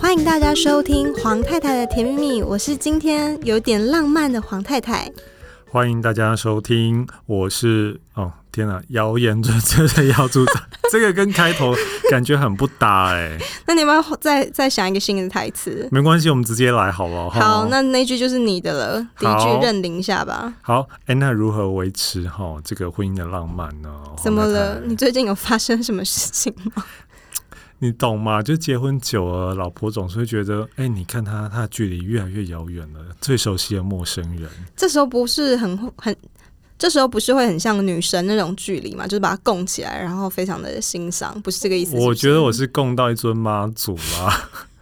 歡迎大家收聽黃太太的甜蜜蜜，我是今天有點浪漫的黃太太。歡迎大家收聽，我是哦，天哪，謠言這這在妖助長， 這個跟開頭感覺很不搭哎、欸。 那你們再再想一個新的台詞，沒關係，我們直接來好不好？好，好哦、那那一句就是你的了，好第一句認領一下吧。好，哎、欸，那如何維持哈、哦、這個婚姻的浪漫呢？太太怎麼了？你最近有發生什麼事情嗎？ 你懂嗎？就結婚久了，老婆總是會覺得，哎、欸，你看他，他的距離越來越遙遠了，最熟悉的陌生人。這時候不是很、很，這時候不是會很像女神那種距離嗎？就是把他供起來，然後非常的欣賞，不是這個意思是不是？我覺得我是供到一尊媽祖啦。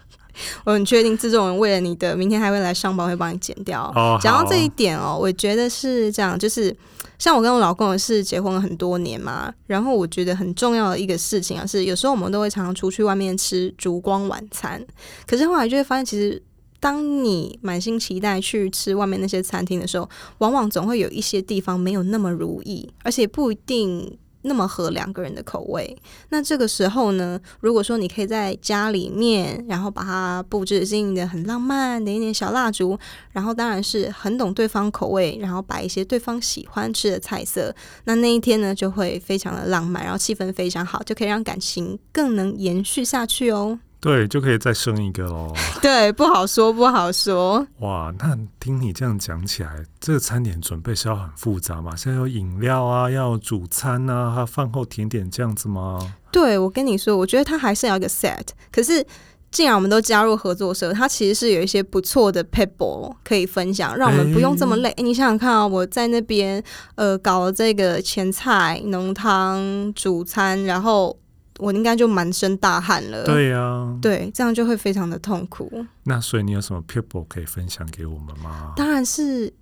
我很確定，製作人，為了你的明天還會來上班，會幫你剪掉。講、oh, 好到這一點哦、喔，我覺得是這樣，就是像我跟我老公也是結婚了很多年嘛，然後我覺得很重要的一個事情啊，是有時候我們都會常常出去外面吃燭光晚餐，可是後來就會發現，其實當你滿心期待去吃外面那些餐廳的時候，往往總會有一些地方沒有那麼如意，而且不一定。那麼合兩個人的口味。那這個時候呢，如果說你可以在家裡面，然後把它布置經營的很浪漫，點一點小蠟燭，然後當然是很懂對方口味，然後擺一些對方喜歡吃的菜色，那那一天呢，就會非常的浪漫，然後氣氛非常好，就可以讓感情更能延續下去哦。對，就可以再生一個嘍。 對，不好說，不好說。哇，那聽你這樣講起來，這個餐點準備是要很複雜嗎？像有飲料啊，要主餐啊，還有、啊、飯後甜點這樣子嗎？對，我跟你說，我覺得它還是要一個 set。可是，既然我們都加入合作社，它其實是有一些不錯的 paper 可以分享，讓我們不用這麼累。欸欸，你想想看啊，我在那邊呃搞了這個前菜、濃湯、主餐，然後。我應該就滿身大汗了，對呀、啊，對，這樣就會非常的痛苦。那所以你有什麼 people 可以分享給我們嗎？當然是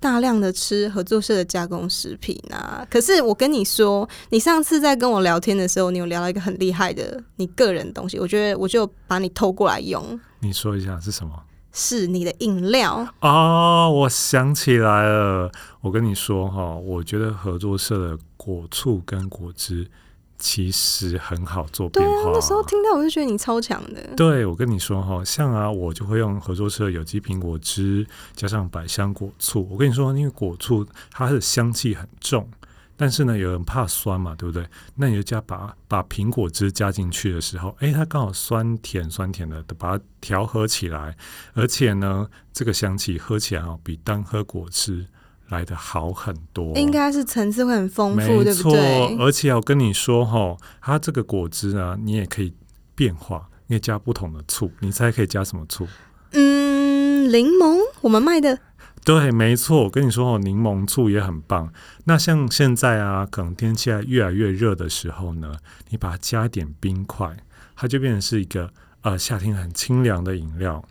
大量的吃合作社的加工食品啊。可是我跟你說，你上次在跟我聊天的時候，你有聊了一個很厲害的你個人東西，我覺得我就把你偷過來用。你說一下是什麼？是你的飲料啊、哦！我想起來了，我跟你說哈，我覺得合作社的果醋跟果汁。其實很好做變化。對啊，那時候聽到我就覺得你超強的。對，我跟你說哈，像啊，我就會用合作社有機蘋果汁加上百香果醋。我跟你說，因為果醋它的香氣很重，但是呢，有人怕酸嘛，對不對？那你就加把把蘋果汁加進去的時候，哎、欸，它剛好酸甜酸甜的，把它調和起來。而且呢，這個香氣喝起來啊，比單喝果汁，來的好很多，應該是層次會很豐富的，沒錯。對不對？而且我跟你說哦，它這個果汁呢，啊，你也可以變化，你可以加不同的醋。你猜可以加什麼醋？嗯，檸檬，我們賣的。對，沒錯。我跟你說哦，檸檬醋也很棒。那像現在啊，可能天氣越來越熱的時候呢，你把它加一點冰塊，它就變成是一個呃夏天很清涼的飲料。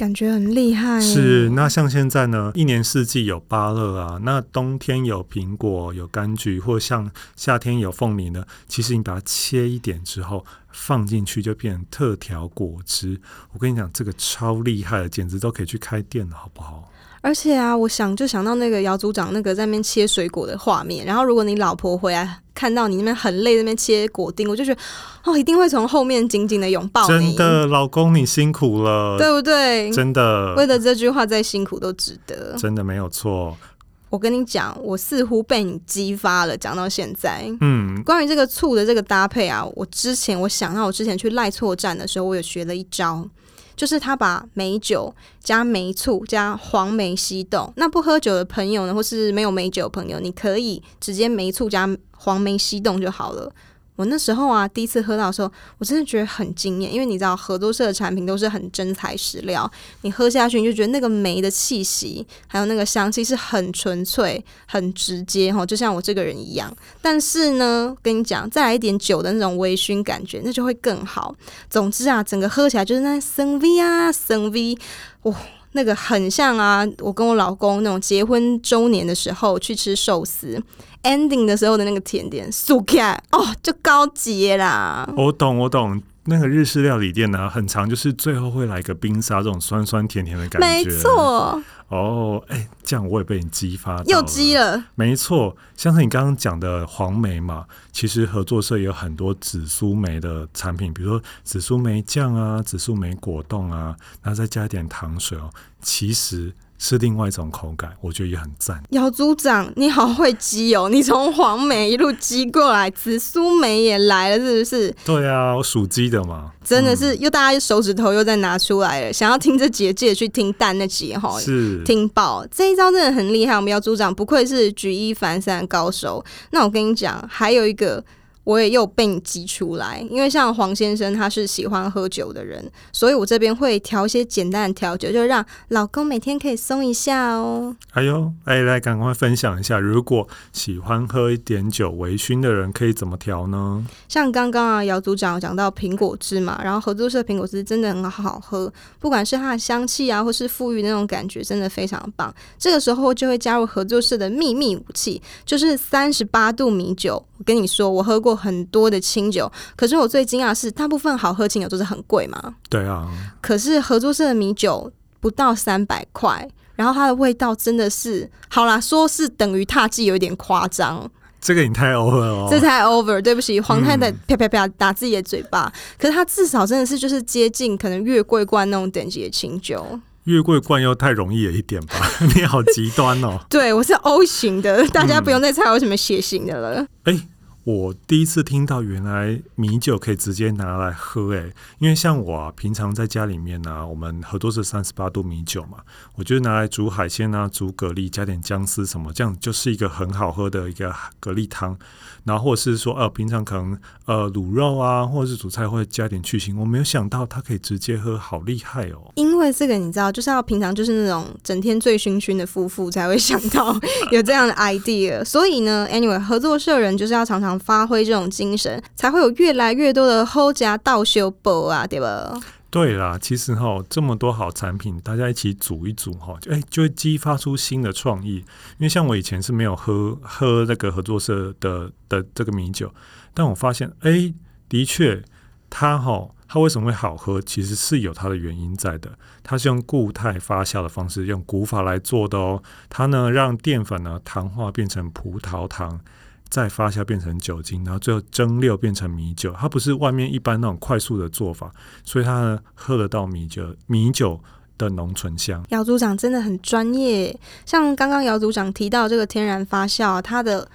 感覺很厲害，欸是，是那像現在呢，一年四季有芭樂啊，那冬天有蘋果、有柑橘，或像夏天有鳳梨呢。其實你把它切一點之後放進去，就變成特調果汁。我跟你講，這個超厲害的，簡直都可以去開店了，好不好？而且啊，我想就想到那個姚組長那個在那邊切水果的畫面，然後如果你老婆回來看到你那邊很累，在那邊切果丁，我就覺得哦，一定會從後面緊緊的擁抱你。真的，老公你辛苦了，對不對？真的，為了這句話再辛苦都值得。真的沒有錯。我跟你講，我似乎被你激發了。講到現在，嗯，關於這個醋的這個搭配啊，我之前我想到，我之前去賴錯站的時候，我有學了一招。就是他把梅酒加梅醋加黃梅西凍，那不喝酒的朋友呢，或是沒有梅酒的朋友，你可以直接梅醋加黃梅西凍就好了。我那時候啊，第一次喝到的時候，我真的覺得很驚艷，因為你知道合作社的產品都是很真材實料。你喝下去，你就覺得那個梅的氣息，還有那個香氣是很純粹、很直接齁，就像我這個人一樣。但是呢，跟你講，再來一點酒的那種微醺感覺，那就會更好。總之啊，整個喝起來就是那生威啊，生威哇！哦那個很像啊，我跟我老公那種結婚周年的時候去吃壽司，ending 的時候的那個甜點，sukiya 哦，就高級啦。我懂，我懂。那個日式料理店呢，很長，就是最後會來個冰沙，這種酸酸甜甜的感覺。沒錯錯，哦，哎、欸，這樣我也被你激發又激了。沒錯，像是你剛剛講的黃梅嘛，其實合作社也有很多紫蘇梅的產品，比如說紫蘇梅醬啊、紫蘇梅果凍啊，那再加一點糖水哦，其實。是另外一種口感，我覺得也很贊。姚組長，你好會雞哦、喔！你從黃梅一路雞過來，紫蘇梅也來了，是不是？對啊，我屬雞的嘛。真的是，又大家手指頭又再拿出來了，嗯、想要聽這節，記得去聽蛋那節哈。是聽爆這一招真的很厲害，我們姚組長不愧是舉一反三高手。那我跟你講，還有一個。我也又被你擠出來，因為像黃先生他是喜歡喝酒的人，所以我這邊會調一些簡單的調酒，就讓老公每天可以鬆一下哦。哎呦，哎，來趕快分享一下，如果喜歡喝一點酒微醺的人，可以怎麼調呢？像剛剛啊姚組長有講到蘋果汁嘛，然後合作社的蘋果汁真的很好喝，不管是它的香氣啊，或是馥郁那種感覺，真的非常棒。這個時候我就會加入合作社的秘密武器，就是三十八度米酒。我跟你說，我喝過。很多的清酒，可是我最驚訝是，大部分好喝清酒都是很貴嘛。對啊，可是合作社的米酒不到三百塊，然後它的味道真的是好啦。說是等於踏跡有點誇張。這個你太 over 了，哦，這太 over，對不起，黃太太啪，啪啪啪打自己的嘴巴。嗯、可是它至少真的是就是接近可能月桂冠那種等級的清酒。月桂冠又太容易了一點吧？ 你好極端哦。 對，我是 O 型的，大家不用再猜我什麼血型的了。哎、嗯。欸我第一次聽到，原來米酒可以直接拿來喝欸！因為像我啊，平常在家裡面呢，我們喝都是三十八度米酒嘛，我就拿來煮海鮮啊，煮蛤蜊，加點薑絲什麼，這樣就是一個很好喝的一個蛤蜊湯。然後或是說，呃，平常可能呃滷肉啊，或者是煮菜會加點去腥，我沒有想到它可以直接喝，好厲害哦！因為這個你知道，就是要平常就是那種整天醉醺醺的夫婦才會想到有這樣的 idea， 所以呢，anyway 合作社人就是要常常發揮這種精神，才會有越來越多的 hold 家倒修補啊，對不？對啦，其實哈、哦，這麼多好產品，大家一起煮一煮，哦，哈，就哎，就會激發出新的創意。因為像我以前是沒有喝喝那個合作社的的這個米酒，但我發現哎，的確，它哈、哦，它為什麼會好喝，其實是有它的原因在的。它是用固態發酵的方式，用古法來做的哦。它呢，讓澱粉呢糖化變成葡萄糖。再發酵變成酒精，然後最後蒸餾變成米酒。它不是外面一般那種快速的做法，所以它喝得到米酒米酒的濃醇香。姚組長真的很專業，像剛剛姚組長提到這個天然發酵啊，它的。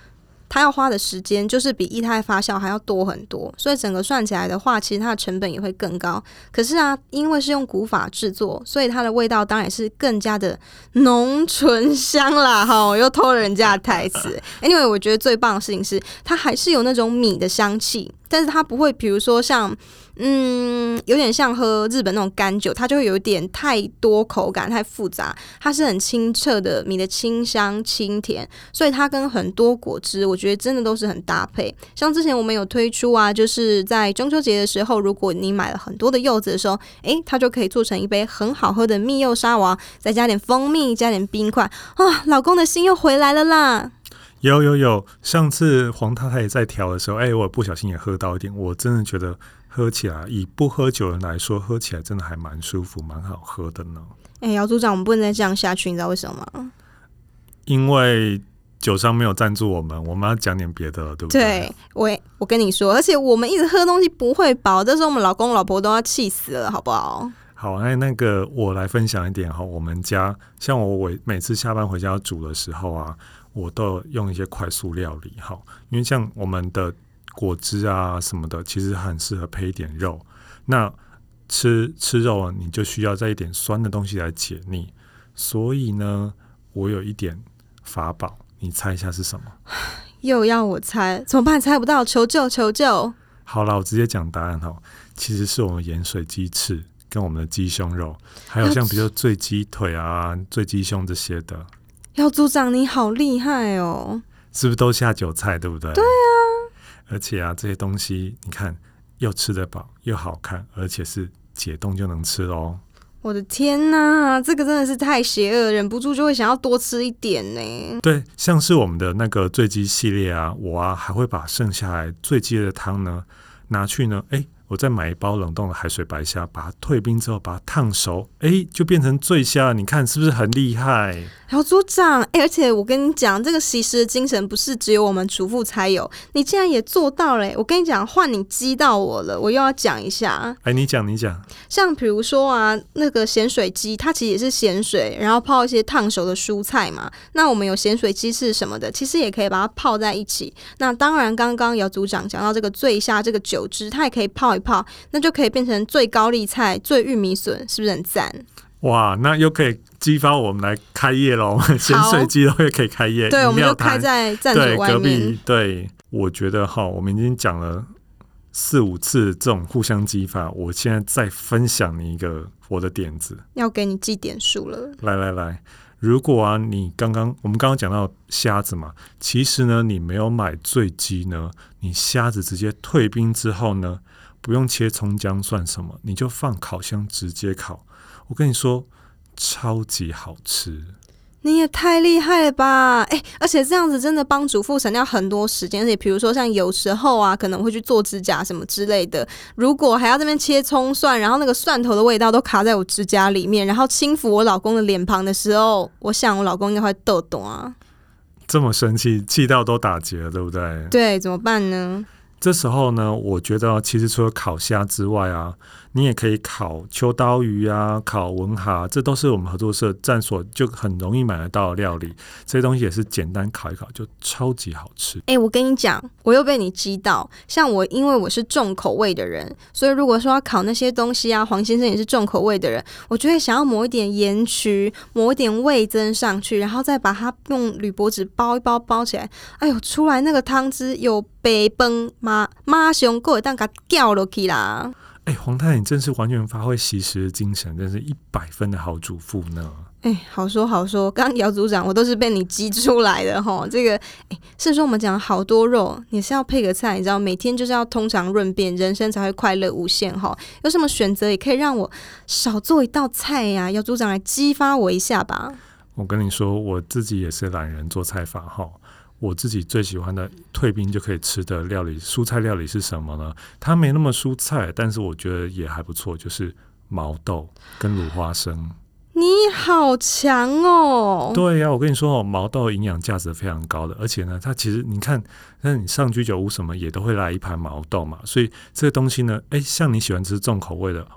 它要花的時間就是比液態發酵還要多很多，所以整個算起來的話，其實它的成本也會更高。可是啊，因為是用古法製作，所以它的味道當然是更加的濃醇香啦！哈，又偷人家的台詞。因為、 Anyway, 我覺得最棒的事情是，它還是有那種米的香氣，但是它不會，比如說像。嗯，有點像喝日本那種乾酒，它就會有點太多，口感太複雜。它是很清澈的米的清香清甜，所以它跟很多果汁，我覺得真的都是很搭配。像之前我們有推出啊，就是在中秋節的時候，如果你買了很多的柚子的時候，哎、欸，它就可以做成一杯很好喝的蜜柚沙瓦，再加點蜂蜜，加點冰塊，啊，老公的心又回來了啦！有有有，上次黃太太也在調的時候，哎、欸，我不小心也喝到一點，我真的覺得。喝起來，以不喝酒的人來說，喝起來真的還蠻舒服，蠻好喝的呢。哎、欸，姚組長，我們不能再這樣下去，你知道為什麼嗎？因為酒商沒有贊助我們，我們要講點別的了，對不對？對，我也我跟你說，而且我們一直喝東西不會飽，但是我們老公老婆都要氣死了，好不好？好，哎，那個我來分享一點哈，我們家像我我每次下班回家要煮的時候啊，我都有用一些快速料理哈，因為像我們的。果汁啊什麼的，其實很適合配一點肉。那吃吃肉，你就需要再一點酸的東西來解膩。所以呢，我有一點法寶，你猜一下是什麼？又要我猜？怎麼辦？猜不到，求救！求救！好了，我直接講答案哈。其實是我們鹽水雞翅，跟我們的雞胸肉，還有像比如說醉雞腿啊、要醉雞胸這些的。要組長，你好厲害哦！是不是都下酒菜？對不對？對啊。而且啊，這些東西你看，又吃得飽，又好看，而且是解凍就能吃哦，我的天哪，啊，這個真的是太邪惡，忍不住就會想要多吃一點呢。對，像是我們的那個醉雞系列啊，我啊還會把剩下來醉雞的湯呢拿去呢，哎、欸。我再買一包冷凍的海水白蝦，把它退冰之後，把它燙熟，哎，就變成醉蝦。你看是不是很厲害？姚組長，哎，而且我跟你講，這個西施的精神不是只有我們主婦才有，你竟然也做到了欸。我跟你講，換你激到我了，我又要講一下。哎，你講，你講。像比如說啊，那個鹹水雞，它其實也是鹹水，然後泡一些燙熟的蔬菜嘛。那我們有鹹水雞翅什麼的，其實也可以把它泡在一起。那當然，剛剛姚組長講到這個醉蝦這個酒汁，它也可以泡。泡那就可以變成醉高麗菜、醉玉米筍，是不是很讚？哇，那又可以激發我們來開業嘍！鹹好水雞都可以開業。對，我們就開在站台外面對隔壁。對，我覺得哈，我們已經講了四五次這種互相激發，我現在再分享你一個我的點子，要給你記點數了。來來來，如果啊，你剛剛我們剛剛講到蝦子嘛，其實呢，你沒有買醉雞呢，你蝦子直接退冰之後呢？不用切蔥薑算什麼？你就放烤箱直接烤。我跟你說，超級好吃。你也太厲害了吧！欸，而且這樣子真的幫主婦省掉很多時間。而且比如說像有時候啊，可能會去做指甲什麼之類的，如果還要這邊切蔥蒜，然後那個蒜頭的味道都卡在我指甲裡面，然後輕撫我老公的臉龐的時候，我想我老公應該會豆懂啊。這麼生氣，氣到都打結了，對不對？對，怎麼辦呢？這時候呢，我覺得其實除了烤蝦之外啊。你也可以烤秋刀魚啊，烤文蛤，這都是我們合作社站所就很容易買得到的料理。這些東西也是簡單烤一烤就超級好吃。哎、欸，我跟你講，我又被你激到，像我，因為我是重口味的人，所以如果說要烤那些東西啊，黃先生也是重口味的人，我覺得想要抹一點鹽麴，抹一點味噌上去，然後再把它用鋁箔紙包一包包起來。哎呦，出來那個湯汁有白飯媽媽熊過一蛋噶掉落去啦。哎、欸，黃太，太你真是完全發揮即食的精神，真是一百分的好主婦呢。哎、欸，好說好說，剛姚組長，我都是被你激出來的哈。這個，哎、欸，是說我們講好多肉，你是要配個菜，你知道，每天就是要通常潤變，人生才會快樂無限哈。有什麼選擇，也可以讓我少做一道菜呀，啊，姚組長來激發我一下吧。我跟你說，我自己也是懶人做菜法哈。吼我自己最喜歡的退冰就可以吃的料理，蔬菜料理是什麼呢？它沒那麼蔬菜，但是我覺得也還不錯。就是毛豆跟滷花生。你好強哦！對呀，啊，我跟你說哦，毛豆營養價值非常高的，而且呢，它其實你看，那你上居酒屋什麼也都會來一盤毛豆嘛，所以這個東西呢，誒，像你喜歡吃重口味的，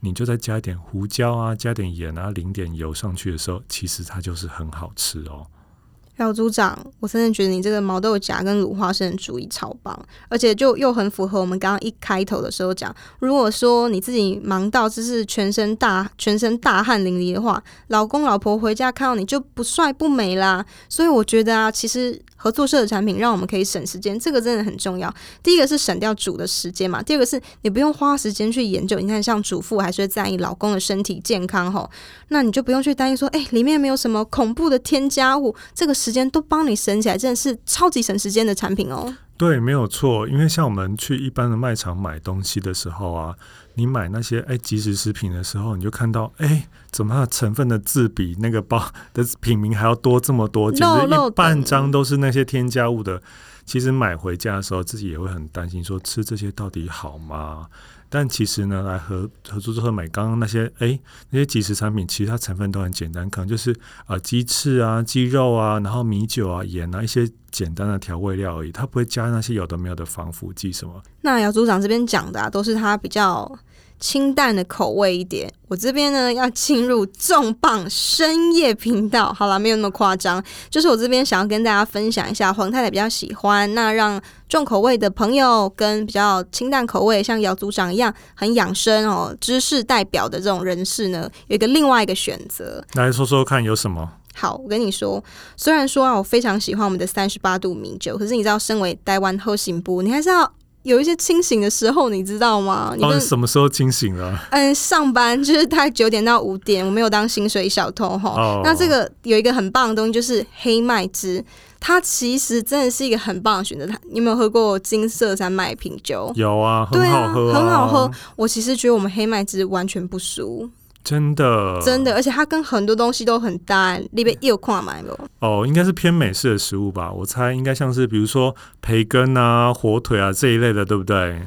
你就再加一點胡椒啊，加點鹽啊，淋點油上去的時候，其實它就是很好吃哦。小組長，我真的覺得你這個毛豆莢跟滷花生的主意超棒，而且就又很符合我們剛剛一開頭的時候講，如果說你自己忙到就是全身大全身大汗淋漓的話，老公老婆回家看到你就不帥不美啦，所以我覺得啊，其實。合作社的產品讓我們可以省時間，這個真的很重要。第一個是省掉煮的時間嘛，第二個是你不用花時間去研究。你看，像主婦還是在意老公的身體健康齁，那你就不用去擔心說，哎、欸，裡面沒有什麼恐怖的添加物。這個時間都幫你省起來，真的是超級省時間的產品哦、喔。對，沒有錯。因為像我們去一般的賣場買東西的時候啊，你買那些誒即食食品的時候，你就看到哎，怎麼它的成分的字比那個包的品名還要多這麼多，簡直一半張都是那些添加物的。其實買回家的時候，自己也會很擔心，說吃這些到底好嗎？但其實呢，來合合作之後買剛剛那些，哎、欸，那些即食產品，其實它成分都很簡單，可能就是啊，雞、呃、翅啊、雞肉啊，然後米酒啊、鹽啊，一些簡單的調味料而已，它不會加那些有的沒有的防腐劑什麼。那姚組長這邊講的啊，都是他比較。清淡的口味一點，我這邊呢要進入重磅深夜頻道，好啦沒有那麼誇張，就是我這邊想要跟大家分享一下黃太太比較喜歡，那讓重口味的朋友跟比較清淡口味，像姚組長一樣很養生哦，知識代表的這種人士呢，有一個另外一個選擇，來說說看有什麼？好，我跟你說，雖然說啊，我非常喜歡我們的三十八度米酒，可是你知道，身為台灣後行部，你還是要。有一些清醒的時候，你知道嗎？你哦，你什麼時候清醒了？嗯，上班就是大概九點到五點，我沒有當薪水小偷哈。齁 oh. 那這個有一個很棒的東西，就是黑麥汁，它其實真的是一個很棒的選擇。你有沒有喝過金色三麥品酒？有啊，對啊，很好喝，啊，很好喝。我其實覺得我們黑麥汁完全不輸。真的，真的，而且它跟很多東西都很搭、欸。裡面有跨買不？哦，應該是偏美式的食物吧。我猜應該像是比如說培根啊、火腿啊這一類的，對不對？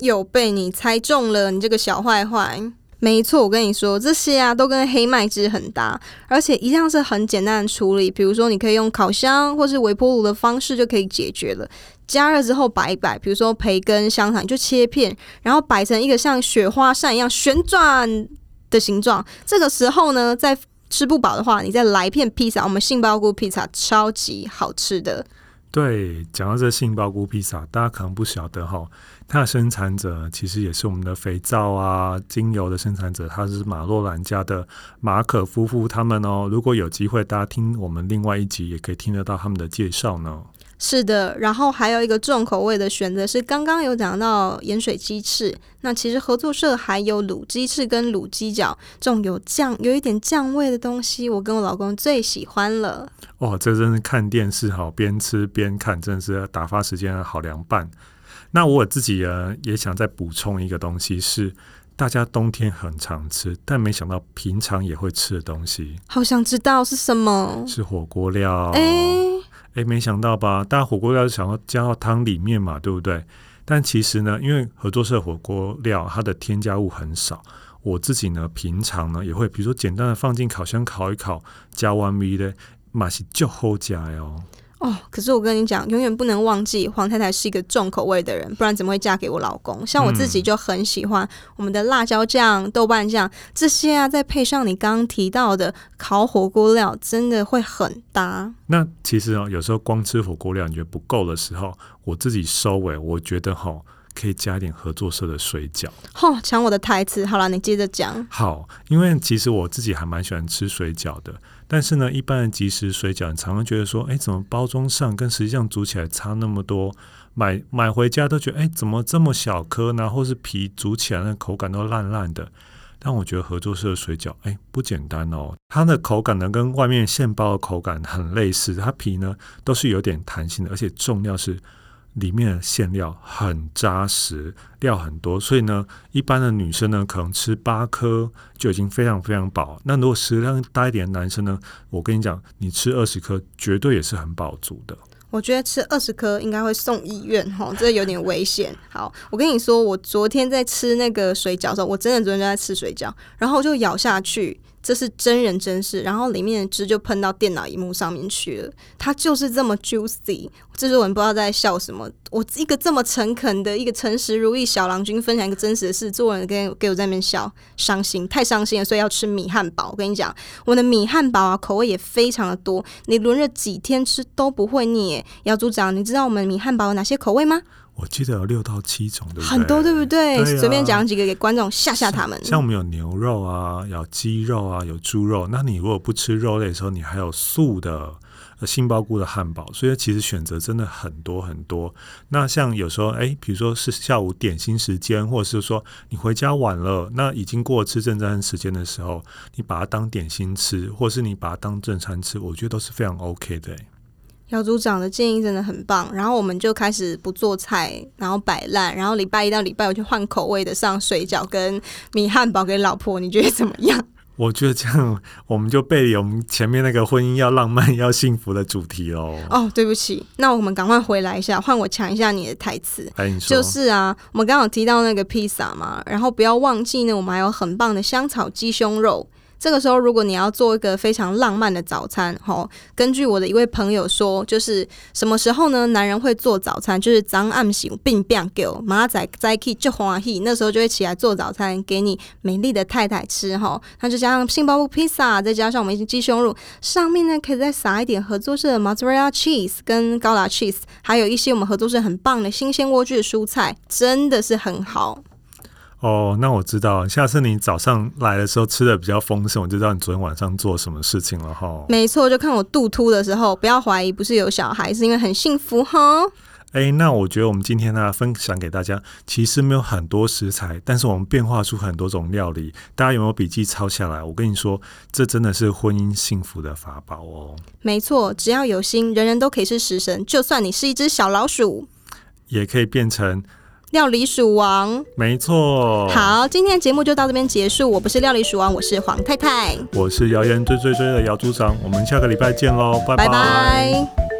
有被你猜中了，你這個小壞壞。沒錯，我跟你說，這些啊都跟黑麥汁很搭，而且一樣是很簡單的處理。比如說，你可以用烤箱或是微波爐的方式就可以解決了。加熱之後擺一擺，比如說培根、香腸就切片，然後擺成一個像雪花扇一樣旋轉。的形狀，這個時候呢，再吃不飽的話，你再來一片披薩，我們杏鮑菇披薩超級好吃的。對，講到這杏鮑菇披薩，大家可能不曉得哈、哦，它的生產者其實也是我們的肥皂啊、精油的生產者，它是馬洛蘭家的馬可夫婦他們哦。如果有機會，大家聽我們另外一集也可以聽得到他們的介紹呢。是的，然後還有一個重口味的選擇，是剛剛有講到鹽水雞翅，那其實合作社還有滷雞翅跟滷雞腳這種有醬有一點醬味的東西，我跟我老公最喜歡了。哦，這真是看電視好、哦，邊吃邊看，真的是打發時間好良伴。那我自己也想再補充一個東西，是大家冬天很常吃，但沒想到平常也會吃的東西。好想知道是什麼？是火鍋料。哎。哎，沒想到吧？大家火鍋料是想要加到湯裡面嘛，對不對？但其實呢，因為合作社火鍋料它的添加物很少。我自己呢，平常呢也會，比如說簡單的放進烤箱烤一烤，加完味的，哦，馬上就好加喲。哦，可是我跟你講，永遠不能忘記黃太太是一個重口味的人，不然怎麼會嫁給我老公？像我自己就很喜歡我們的辣椒醬、嗯、豆瓣醬這些啊，再配上你剛剛提到的烤火鍋料，真的會很搭。那其實啊，有時候光吃火鍋料你覺得不夠的時候，我自己收尾，我覺得哈可以加一點合作社的水餃。吼、哦，搶我的台詞！好了，你接着講。好，因為其實我自己還蠻喜歡吃水餃的。但是呢，一般的即食水餃你常常覺得說，哎、欸，怎麼包裝上跟實際上煮起來差那麼多？買買回家都覺得，哎、欸，怎麼這麼小顆，然後是皮煮起來的口感都爛爛的。但我覺得合作社的水餃，哎、欸，不簡單哦。它的口感呢，跟外面現包的口感很類似，它皮呢都是有點彈性的，而且重要是。裡面的餡料很扎實，料很多，所以呢，一般的女生呢，可能吃八顆就已經非常非常飽。那如果食量大一點的男生呢，我跟你講，你吃二十顆絕對也是很飽足的。我覺得吃二十顆應該會送醫院哦，這有點危險。 好，我跟你說，我昨天在吃那個水餃的時候，我真的昨天就在吃水餃，然後就咬下去。這是真人真事，然後裡面的汁就噴到電腦螢幕上面去了。他就是這麼 juicy，製作人不知道在笑什麼。我一個這麼誠懇的、一個誠實如意小郎君，分享一個真實的事，製作人給，給我在那邊笑，傷心，太傷心了，所以要吃米漢堡。我跟你講，我的米漢堡啊，口味也非常的多，你輪了幾天吃都不會膩耶。姚組長，你知道我們米漢堡有哪些口味嗎？我記得有六到七種，對不對？很多，對不對？啊、隨便講幾個給觀眾嚇嚇他們。像、像我們有牛肉啊，有雞肉啊，有豬肉。那你如果不吃肉類的時候，你還有素的，呃、啊，杏鮑菇的漢堡。所以其實選擇真的很多很多。那像有時候，哎、欸，比如說是下午點心時間，或者是說你回家晚了，那已經過了吃正餐時間的時候，你把它當點心吃，或是你把它當正餐吃，我覺得都是非常 OK 的、欸。姚組長的建議真的很棒，然後我們就開始不做菜，然後擺爛，然後禮拜一到禮拜我就換口味的上水餃跟米漢堡給老婆，你覺得怎麼樣？我覺得這樣我們就背離我們前面那個婚姻要浪漫要幸福的主題嘍。哦，對不起，那我們趕快回來一下，換我搶一下你的台詞。哎，你說。就是啊，我們剛好提到那個披薩嘛，然後不要忘記呢，我們還有很棒的香草雞胸肉。這個時候，如果你要做一個非常浪漫的早餐，哈、哦，根據我的一位朋友說，就是什麼時候呢？男人會做早餐，就是早上醒，bang bang 馬仔在起就歡喜，那時候就會起來做早餐給你美麗的太太吃，哈、哦，那就加上杏鮑菇披薩，再加上我們一些雞胸肉，上面呢可以再撒一點合作社的 Mozzarella cheese 跟高達 cheese，還有一些我們合作社很棒的新鮮萵苣的蔬菜，真的是很好。哦，那我知道，下次你早上來的時候吃的比較豐盛，我就知道你昨天晚上做什麼事情了哈。沒錯，就看我肚凸的時候，不要懷疑，不是有小孩，是因為很幸福哈。哎，那我覺得我們今天呢、啊、分享給大家，其實沒有很多食材，但是我們變化出很多種料理，大家有沒有筆記抄下來？我跟你說，這真的是婚姻幸福的法寶哦。沒錯，只要有心，人人都可以是食神，就算你是一隻小老鼠，也可以變成。料理鼠王，沒錯。好，今天的節目就到這邊結束。我不是料理鼠王，我是黃太太。我是謠言追追追的姚組長。我們下個禮拜見嘍，拜拜。拜拜。